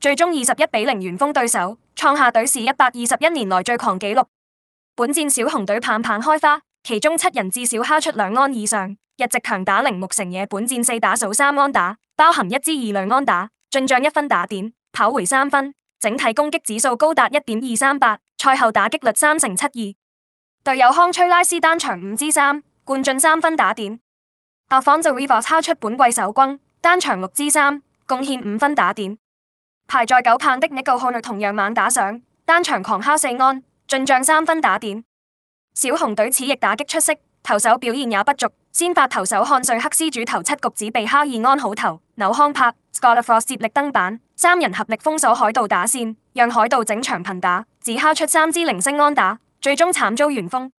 最終二十一比零完封對手，創下隊史一百二十一年來最狂紀錄。本戰小紅隊棒棒開花，其中七人至少敲出兩安以上，日直強打零木成野。本戰四打數三安打，包含一支二兩安打，進賬一分打點，跑回三分，整體攻擊指數高達一點二三八。賽後打擊率三成七二，隊友康吹拉斯單場五支三，冠進三分打點；白、啊、方就 r i v 敲出本季首軍，單場六支三，貢獻五分打點。排在九棒的呢個漢隊同樣猛打上，單場狂敲四安，進賬三分打點。小熊隊此役打擊出色，投手表現也不俗。先發投手漢瑞克斯主投七局只被敲二安好投。紐康帕、斯科拉夫接力登板三人合力封鎖海盜打線，讓海盜整場頻打，只敲出三支零星安打，最終慘遭完封。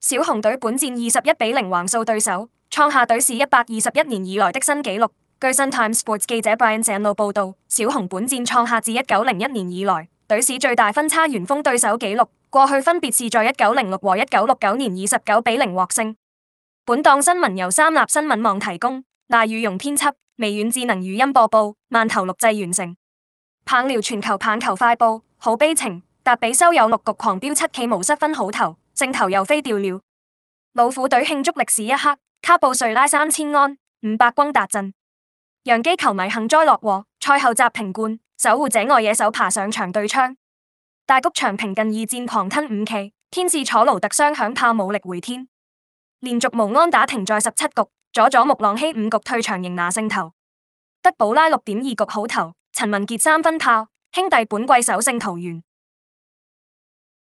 小熊隊本戰二十一比零橫掃對手，創下隊史一百二十一年以來的新紀錄。據新 Timesports 記者 Brian 鄭路報道，小熊本戰創下自一九零一年以來隊史最大分差完封對手紀錄，過去分別是在一九零六和一九六九年以十九比零獲勝。本檔新聞由三立新聞網提供，賴雨容編輯，微軟智能語音播報，萬頭錄製完成。棒聊全球棒球快報，好悲情，達比修有六局狂飆七 K 無失分好投，勝投又飛掉了。老虎隊慶祝歷史一刻，卡布瑞拉三千安，五百轟達陣。揚基球迷幸災樂禍，賽後集瓶罐，守護者外野手爬上場對槍，大谷翔平近二戰狂吞五騎，天使楚勞特雙響炮無力回天。連續無安打停在十七局，佐佐木朗希五局退場贏拿勝投。德保拉六點二局好投，陳文杰三分炮，兄弟本季首勝桃猿。